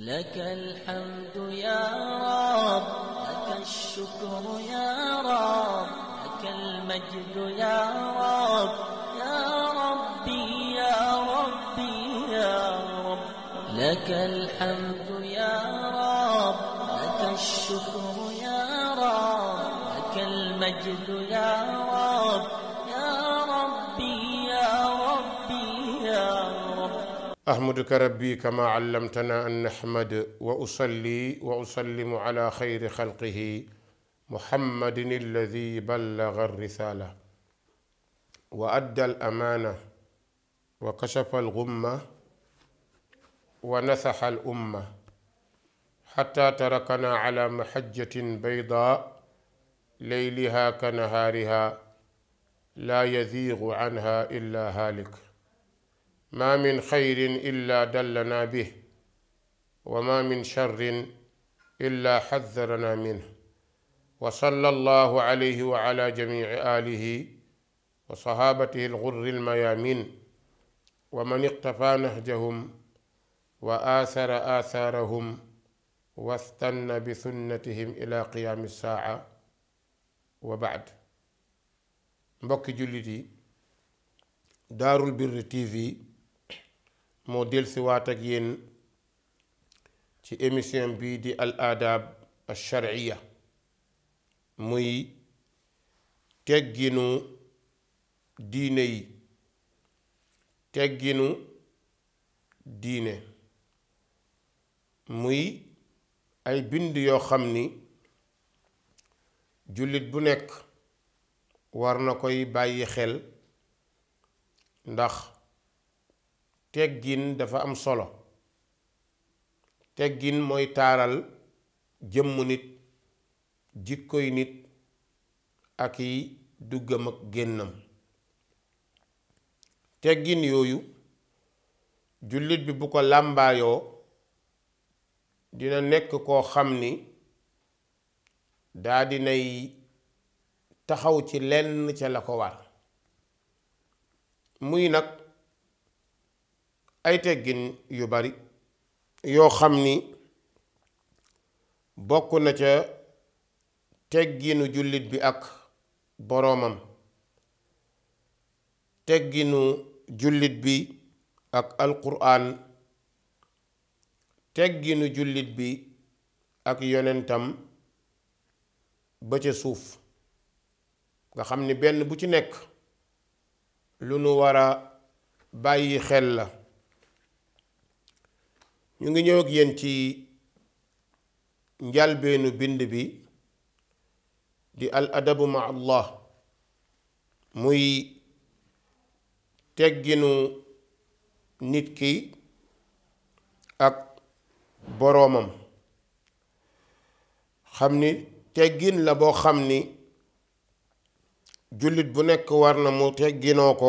لك الحمد يا رب لك الشكر يا رب لك المجد يا رب يا ربي يا ربي يا رب لك الحمد يا رب لك الشكر يا رب لك المجد يا رب ahmaduka rabbi kama allamtana an nahmad wa usalli wa usallimu ala xayri xalqihi muhammadin alladi ballaga alrisaala wa adda alamaana wa kashafa algumma wa nasaxa alumma xata tarakana ala maxajatin bayda layliha ka nahaariha laa yaziigu anha illa haalik ma min xayrin illa dallanaa bih wa ma min charrin illa xaddaranaa minh wa salla allahu alayhi wa ala jamici aalihi wa sahaabatihi algurri almayaamin wa man iqtafaa nahjahum wa aasara aasaarahum wastanna bi sunnatihim ila qiyaami saaca wa baad mbokki jullit yi Daarul Birri TV moo dellusiwaat ak yéen ci émission bii di al aadaab alsharciya muy tegginu diine yi tegginu diine muy ay bind yoo xam ni jullit bu nekk war na koy bàyyi xel ndax teggin dafa am solo teggin mooy taaral jëmm nit jikkoy nit ak i duggam ak génnam teggin yooyu jullit bi bu ko làmbaayoo dina nekk koo xam ni daa dinay taxaw ci lenn ca la ko war muy nag ay teggin yu bari yoo xam ni bokk na ca tegginu jullit bi ak boroomam tegginu jullit bi ak alquran tegginu jullit bi ak yonentam ba ca suuf nga xam ni benn bu ci nekk lu nu war a bàyyi xel la ñu ngi ñëw ak ci njalbeenu bind bi di al adabu ma allah muy tegginu nit ki ak boroomam xam ni teggin la boo xam ni jullit bu nekk war na mu tegginoo ko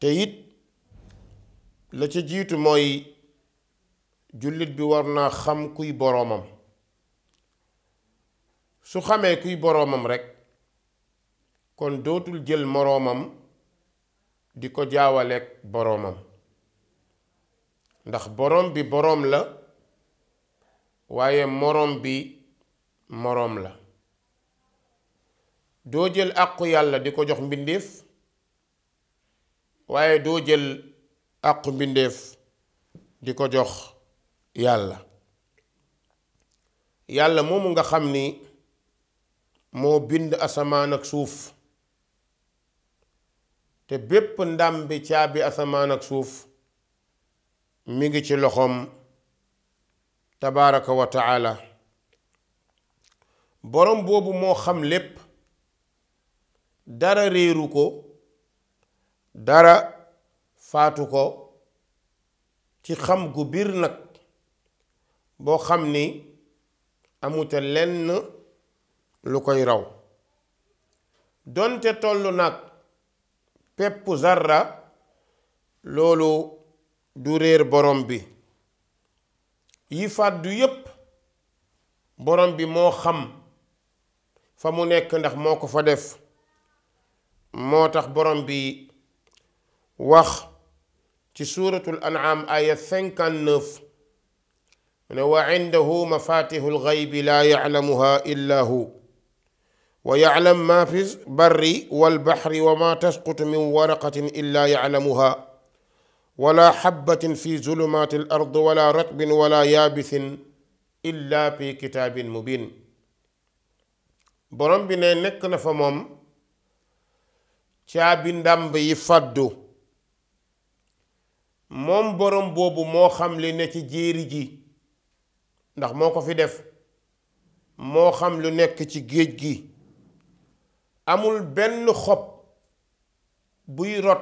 te la ci jiitu mooy jullit bi war naa xam kuy boroomam su xamee kuy boroomam rekk kon dootul jël moroomam di ko jaawaleeg boroomam ndax boroom bi boroom la waaye moroom bi moroom la doo jël àqu yàlla di ko jox mbindéef waaye doo jël àqu mbindeef di ko jox yàlla yàlla moomu nga xam ni moo bind asamaan ak suuf te bépp ndam bi caabi asamaan ak suuf mi ngi ci loxoom tabaaraka wa taala borom boobu moo xam lépp dara réeru ko dara faatu ko ci xam gu biir nag boo xam ni amuta lenn lu koy raw donte tollu nag peppu zarra loolu du réer borom bi yi fàddu yépp borom bi moo xam fa mu nekk ndax moo ko fa def moo tax borom bi wax ci suuratul an'am aya 59 mu ne wa indahu mafatihul gaybi laa yaclamuha illa hu wa yaclam ma fi barri walbaxri wa ma tasqutu min waraqatin illa yaclamuha wala xabatin fi zulumaati al ard wala ratbin wala yaabisin illa fi kitaabin mubin borom nekk na fa moom caabi ndàmb yi fàddu moom borom boobu moo xam li ne ci jéeri ji ndax moo ko fi def moo xam lu nekk ci géej gi amul benn xob buy rot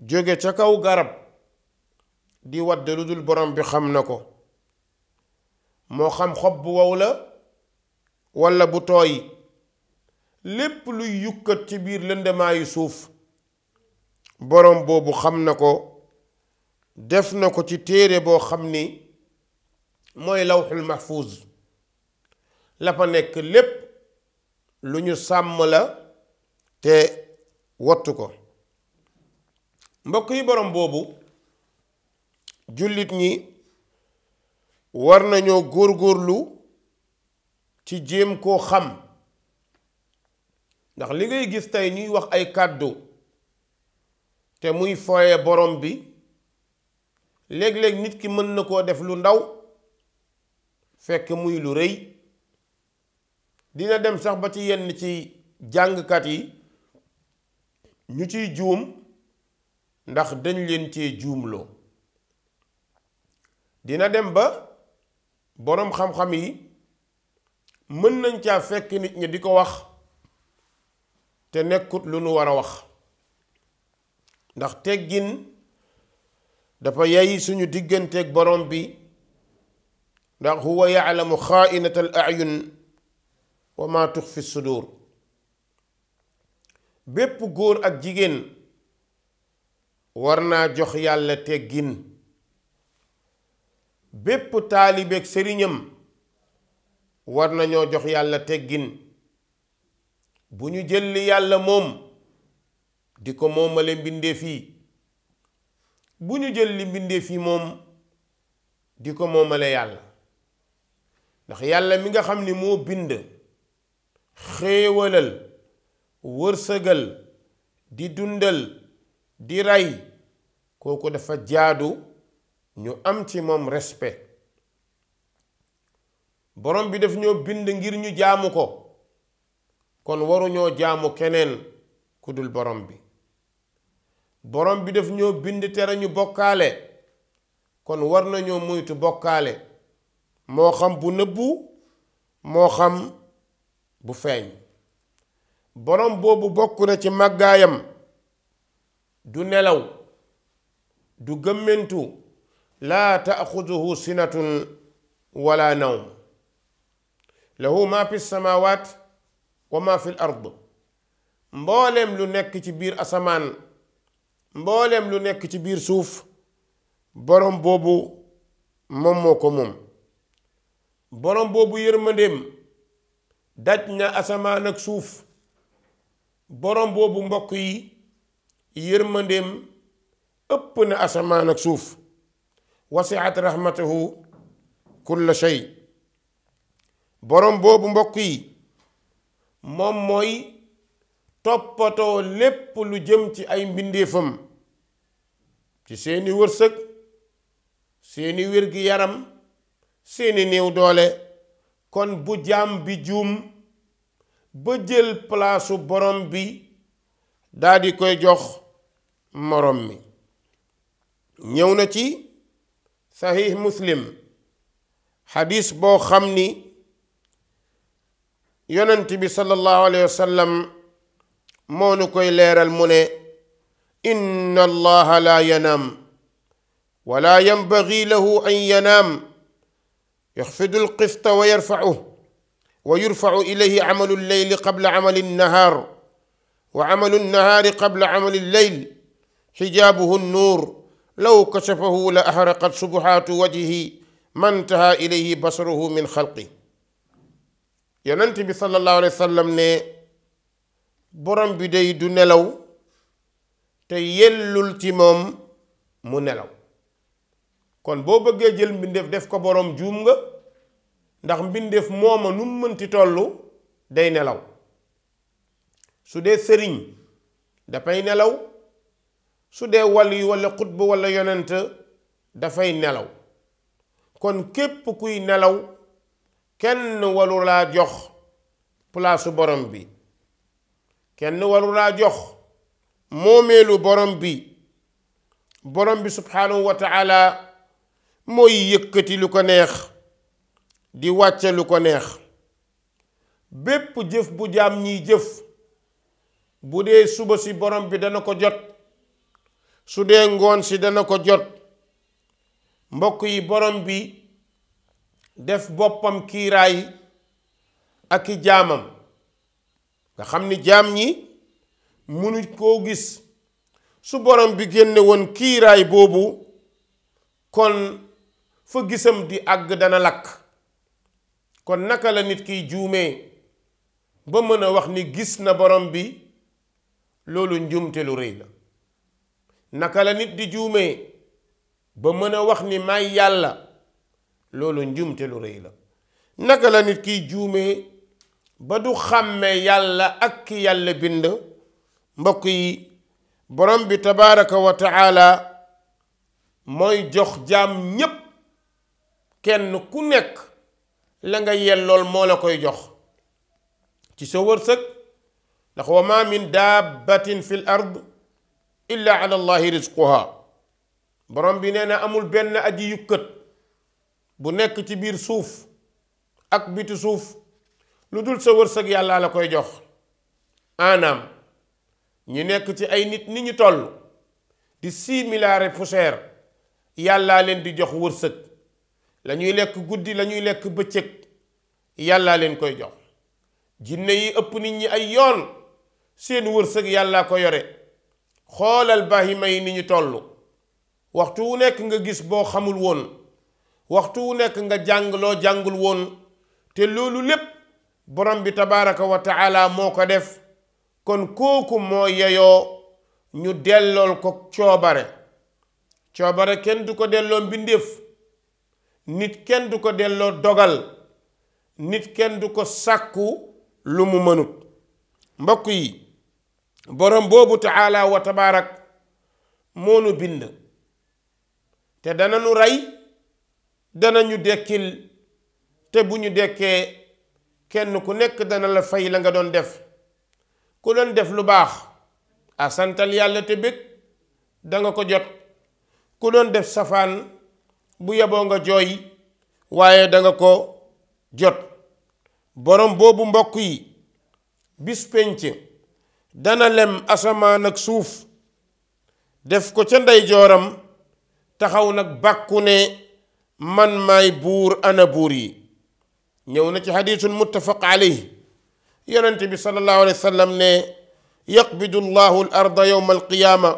jóge ca kaw garab di wat lu dul borom bi xam na ko moo xam xob bu wow la walla bu tooy lépp luy yukkat ci biir lëndamaayu suuf borom boobu xam na ko def na ko ci téere boo xam ni mooy lawxul mahfuuz la nekk lépp lu ñu sàmm la te wattu ko mbokk yi borom boobu jullit ñi war nañoo góor góorlu ci jéem koo xam ndax li ngay gis tey ñuy wax ay kàddu te muy fooye borom bi léeg-léeg nit ki mën na koo def lu ndaw fekk muy lu rëy dina dem sax ba ci yenn ci jàngkat yi ñu ciy juum ndax dañ leen cee juumloo dina dem ba boroom xam-xam yi mën nañ caa fekk nit ñi di ko wax te nekkut lu nu war a wax ndax teggin dafa yey suñu digganteeg borom bi ndax huwa yaalamu xaainata al ayun wa ma fi sudur bépp góor ak jigéen war naa jox yàlla teggin bépp taalibeeg sëriñam war nañoo jox yàlla teggin bu ñu jëlli yàlla moom di ko moomale mbindeef yi bu ñu jël li mbindeef yi moom di ko moomale yàlla ndax yàlla mi nga xam ni moo bind xéewalal wërsëgal di dundal di rey kooku dafa jaadu ñu am ci moom respe borom bi daf ñoo bind ngir ñu jaamu ko kon waruñoo jaamu keneen ku dul borom bi borom bi daf ñoo bind tere ñu bokkaale kon war nañoo moytu bokkaale moo xam bu nëbbu moo xam bu feeñ borom boobu bokk na ci màggaayam du nelaw du gëmmentu laa taaxuduhu sinatun wala nawm lahu ma fi samawaat wa ma fi l mbooleem lu nekk ci biir asamaan mboolem lu nekk ci biir suuf borom boobu moom moo ko moom borom boobu yërmandeem daj na asamaan ak suuf borom boobu mbokk yi yërmandeem ëpp na asamaan ak suuf wasiat rahmatahu kulla shay borom boobu mbokk yi moom mooy toppatoo lépp lu jëm ci ay mbindéefam ci seeni wërsëg seeni wér-gi-yaram seeni néew doole kon bu jaam bi jum ba jël palaasu borom bi daldi koy jox morom mi ñëw na ci saxiix muslim xadis boo xam ni yonent bi sallallahu alayhi wa moo nu koy leeral mu ne inna allaha laa yanaam wala yanbagi lahu an yanaam yaxfidu alqista wa yarfacuhu wa yurfacu ilayhi camalu lleyli qabla camali nnahaar wa camalu nnahaari qabla camali lleyl xijaabuhu nnuur law kasafahu la axraqat subuhaatu wajhihi mantaha ilayhi basaruhu min xalqi yonent bi sallallahu alayhi wa sallam ne borom bi day du nelaw te yellul ci moom mu nelaw kon boo bëggee jël mbindeef def ko boroom juum nga ndax mbindeef mooma nu mu mënti tollu day nelaw su dee sëriñ dafay nelaw su dee wàll yi walla xut bu walla yonent dafay nelaw kon képp kuy nelaw kenn walu laa jox palaasu borom bi kenn waru laa jox moomeelu borom bi borom bi subhaanahu wa mooy yëkkati lu ko neex di wàcce lu ko neex bépp jëf bu jaam ñiy jëf bu dee suba si borom bi dana ko jot su dee ngoon si dana ko jot mbokk yi borom bi def boppam kiiraay ak i jaamam nga xam ni jaam ñi munuñ koo gis su borom bi génne woon kiiraay boobu kon fa gisam di àgg dana lakk kon naka la nit kiy juume ba mën a wax ni gis na borom bi loolu njuumte rëy la naka la nit di juumee ba mën a wax ni may yàlla loolu njuumte lu rëy la naka la nit kiy juumee ba du xàmmee yàlla ak ki yàlla bind mbokk yi borom bi tabaaraka wa taala mooy jox jaam ñépp kenn ku nekk la nga yellool moo la koy jox ci sa wërsëg ndax wa ma min dabbatin fi ard illa ala allahi borom bi nee na amul benn aji yukkat bu nekk ci biir suuf ak biti suuf lu dul sa wërsëg yàlla la koy jox aanaam ñu nekk ci ay nit ni ñu toll di similaire poussière yàlla leen di jox wërsëg la ñuy lekk guddi lañuy ñuy lekk bëccëg yàlla leen koy jox jinne yi ëpp nit ñi ay yoon seen wërsëg yàllaa ko yore xoolal bahima yi ni ñu toll waxtu wu nekk nga gis boo xamul woon waxtu wu nekk nga jàng loo jàngul woon te loolu lépp borom bi tabaaraka wa moo ko def kon kooku moo yeyoo ñu dellool ko coobare coobare kenn du ko delloo mbindéef nit kenn du ko delloo dogal nit kenn du ko sàkku lu mu mënut mbokk yi borom boobu taala wa moo nu bind te dana nu rey dana ñu dekkil te bu ñu dekkee kenn ku nekk dana la fay la nga doon def ku doon def lu baax a santal yàlla te bég danga ko jot ku doon def safaan bu yeboo nga jooy waaye danga ko jot borom boobu mbokk yi bis pénc dana lem asamaan ak suuf def ko ca ndeyjooram taxaw nag bàkku ne man maay buur ana buur yi ñëw na ci xadiisun muttafaq alayhi yonent bi sallallahu alayhi wa sallam ne yaqbidu llahu al arda yowma alqiyaama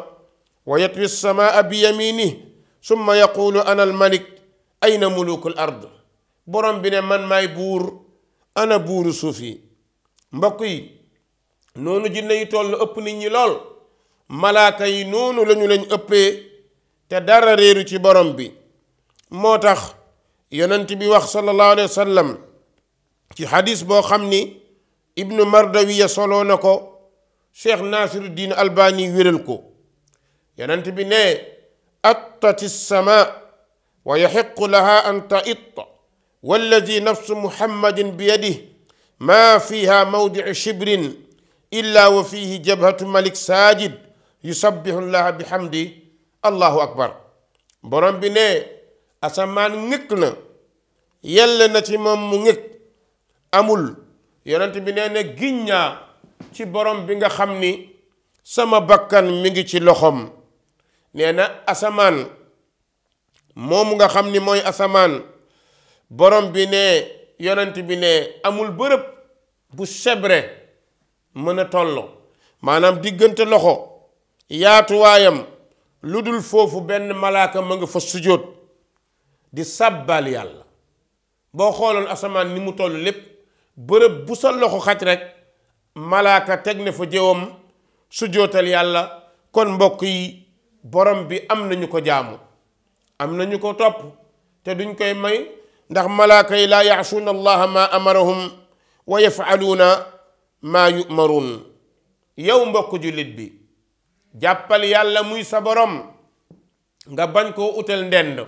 wa yatwi lsamaa bi yaminih summa yaqulu ana almalik ayna muluku l borom bi ne man maay buur ana buuru suuf yi mbokk yi noonu jinne yi toll ëpp nit ñi lool malaaka yi noonu lañu lañ ëppee te dara réeru ci borom bi moo tax yonent bi wax sallallahu alayhi wa ci xadis boo xam ni ibnu mardawiya soloo na ko cheikh nasiruddin albani wéral ko yonent bi ne attati sama wa yaxiqu laha an taitta walladi nafsu muhammadin biyadih ma fiha mawdiu shibrin illa wa fihi jabhatu malik sajid yusabbihu llaha bihamdi allahu akbar borom bi ne asamaan ngëkk na yell na ci moom mu ngëkk amul yonent bi nee na giñ naa ci borom bi nga xam ni sama bakkan mu ngi ci loxoom nee na asamaan moomu nga xam ni mooy asamaan borom bi ne yonent bi ne amul bërëb bu sebre mën a tolloo maanaam diggante loxo yaatuwaayam lu dul foofu benn malaaka ma nga fa sujjóot di sàbbaal yàlla boo xooloon asamaan ni mu toll lépp bërëb bu sa loxo xaj rek malaaka teg na fa jëwam su yàlla kon mbokk yi borom bi am nañu ko jaamu am nañu ko topp te duñ koy may ndax malaaka yi laa yaasuuna allaha ma amarahum wa yafaluuna maa yumaruun yow mbokk jullit bi jàppal yàlla muy sa borom nga bañ koo utal ndend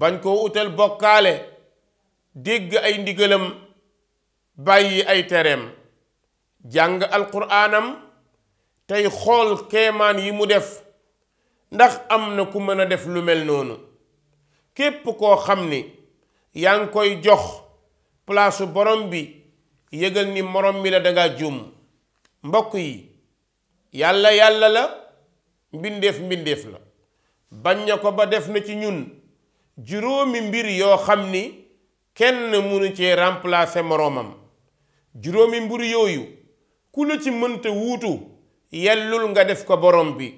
bañ koo utal bokkaale dégg ay ndigalam bàyyi ay tereem jàng alquraanam tey xool keemaan yi mu def ndax am na ku mën a def lu mel noonu képp koo xam ni yaa ngi koy jox palaasu borom bi yëgal ni morom mi la danga jum mbokk yi yàlla yàlla la mbindeef mbindeef la bañ na ko ba def na ci ñun juróomi mbir yoo xam ni kenn mënu ci remplacer moroomam juróomi mburu yooyu ku la ci mënta wuutu yellul nga def ko borom bi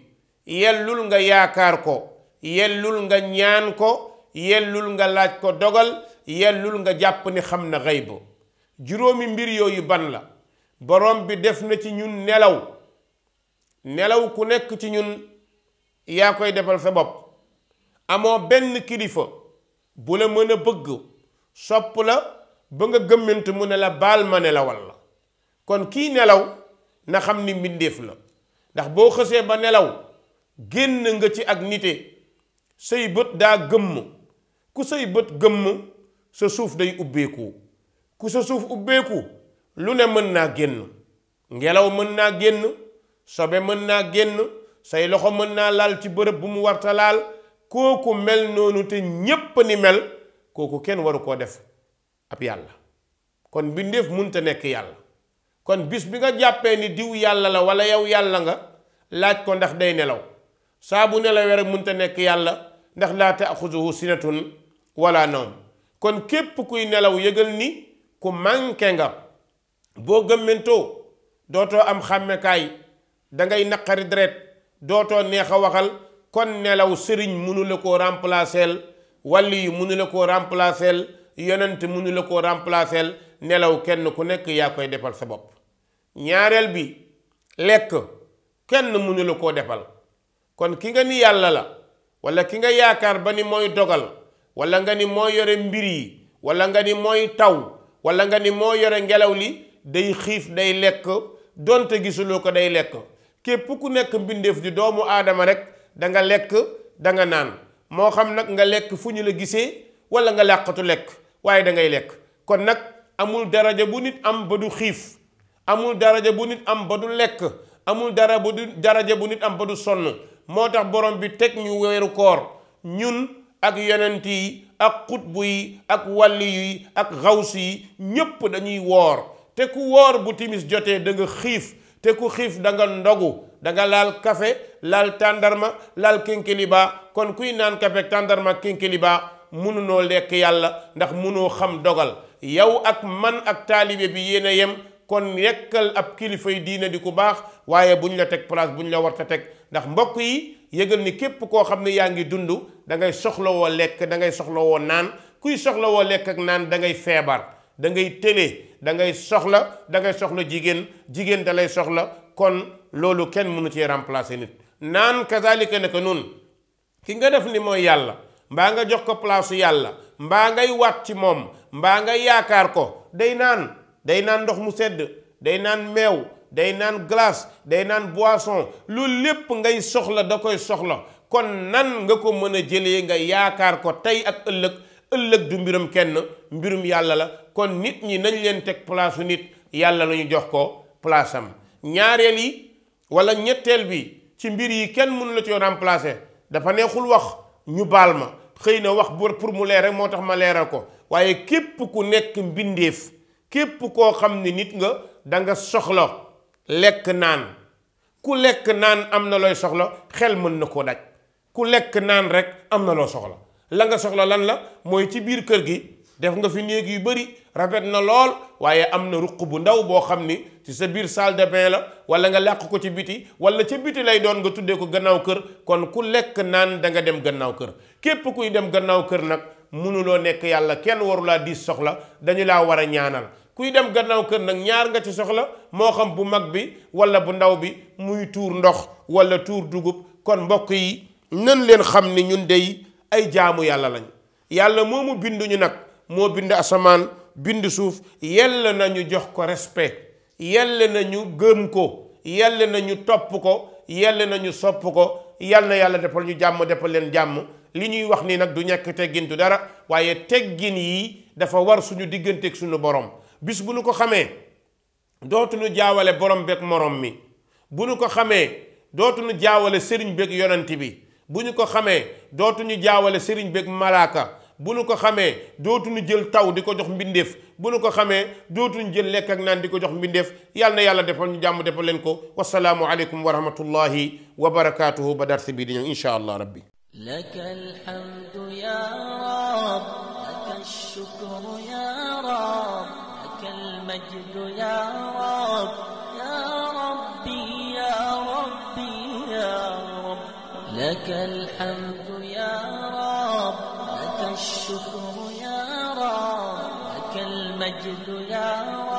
yellul nga yaakaar ko yellul nga ñaan ko yellul nga laaj ko dogal yellul nga jàpp ni xam na xëy juróomi mbir yooyu ban la borom bi def na ci ñun nelaw nelaw ku nekk ci ñun yaa koy defal sa bopp amoo benn kilifa bu la mën a bëgg sopp la ba nga gëmmant mu ne la baal ma nelawal la kon kii nelaw na xam ni mbindéef la ndax boo xësee ba nelaw génn nga ci ak nite say bët daa gëmm ku say bët gëmm sa suuf day ubbeeku ku sa suuf ubbeeku lu ne mën naa génn ngelaw mën naa génn sobe mën naa génn say loxo mën naa laal ci bërëb bu mu warta laal kooku mel noonu te ñépp ni mel kooku kenn waru koo def ab yàlla kon mbindeef munta nekk yàlla kon bis bi nga jàppee ni diw yàlla la walla yow yàlla nga laaj ko ndax day nelaw saabu bu nelawee rek munta nekk yàlla ndax laa taaxuzuhu sinatun wala nawm kon képp kuy nelaw yëgal ni ku manqué nga boo gëmmentoo dootoo am xàmmekaay dangay naqari deret dootoo neex a waxal kon nelaw sëriñ mënu la koo remplacer wàlli yi mënu la koo remplacer yonent mënu la ko remplacer nelaw kenn ku nekk yaa koy defal sa bopp ñaareel bi lekk kenn mënu la koo defal kon ki nga ni yàlla la wala ki nga yaakaar ba ni mooy dogal walla nga ni moo yore mbir yi wala nga ni mooy taw wala nga ni moo yore ngelaw li day xiif day lekk donte gisuloo ko day lekk képp ku nekk mbindeef di doomu aadama rek da nga lekk da nga naan moo xam nag nga lekk fu ñu la gisee wala nga làqatu lekk waaye da ngay lekk kon nag amul daraja bu nit am ba du xiif amul daraja bu nit am ba du lekk amul dara bu du daraja bu nit am ba du sonn moo tax borom bi teg ñu weeru koor ñun ak yonent yi ak xutbu yi ak wàlli yi ak xaws yi ñépp dañuy woor te ku woor bu timis jotee danga nga xiif te ku xiif danga ndogu danga laal kafe laal tàndarma laal kénkiliba kon kuy naan café tàndarma kénkiliba mununoo lekk yàlla ndax munoo xam dogal yow ak man ak taalibe bi yéen a yem kon yekkal ab kilifa yi diina di ku baax waaye buñ la teg bu ñu la war teg ndax mbokk yi yëgal ni képp koo xam ne yaa ngi dund dangay soxla woo lekk da ngay soxlawoo naan kuy soxla woo lekk ak naan da ngay feebar dangay ngay tële da ngay soxla da ngay soxla jigéen jigéen dalay soxla kon loolu kenn mënu ci remplacer nit naan kazalika naka noonu ki nga def ni mooy yàlla mbaa nga jox ko palaasu yàlla mbaa ngay waat ci moom mbaa ngay yaakaar ko day naan day naan ndox mu sedd day naan meew day naan glace day naan boisson loolu lépp ngay soxla da koy soxla kon nan nga ko mën a jëlee nga yaakaar ko tey ak ëllëg ëllëg du mbiram kenn mbirum yàlla la kon nit ñi nañ leen teg palaasu nit yàlla la ñu jox ko palaasam ñaareel yi wala ñetteel bi ci mbir yi kenn mënu la ci remplacer dafa neexul wax ñu baal ma xëy na wax pour mu leer rek moo tax ma leeral ko waaye képp ku nekk mbindeef képp koo xam ne nit nga danga soxla lekk naan ku lekk naan am na looy soxla xel mën na koo daj ku lekk naan rek am na loo soxla la nga soxla lan la mooy ci biir kër gi def nga fi néeg yu bëri rafet na lool waaye am na ruq bu ndaw boo xam ni ci sa biir salle de la wala nga làq ko ci biti wala ca biti lay doon nga tuddee ko gannaaw kër kon ku lekk naan da nga dem gannaaw kër képp kuy dem gannaaw kër nag mënuloo nekk yàlla kenn warulaa diis soxla dañu laa war a ñaanal kuy dem gannaaw kër nag ñaar nga ci soxla moo xam bu mag bi wala bu ndaw bi muy tuur ndox wala tuur dugub kon mbokk yi nan leen xam ni ñun dey ay jaamu yàlla lañ yàlla moomu binduñu nag moo bind asamaan bind suuf yell nañu jox ko respe respect yell nañu gëm ko na ñu topp ko yell nañu sopp ko yal na yàlla defal ñu jàmm defal leen jàmm li ñuy wax nii nag du ñekk teggin du dara waaye teggin yi dafa war suñu digganteeg suñu borom bis bu nu ko xamee dootuñu jaawale borom beeg morom mi bu ñu ko xamee dootuñu jaawale sëriñ beeg yonent bi bu ñu ko xamee dootuñu jaawale sëriñ beeg malaaka bu nu ko xamee dootuñu jël taw di ko jox mbindeef bu nu ko xamee dootuñu jël lekk ak naan di ko jox mbindeef yàlla na yàlla defal ñu jàmm defal leen ko wasalaamu aleykum wa rahmatullahi wa barakaatuhu ba darsi bii di ñëw incha allah rabbi lakal hamdu ya rab lakal shukru ya rab lakal majdu ya rab لك الحمد الشكر يا رب لك المجد يا رب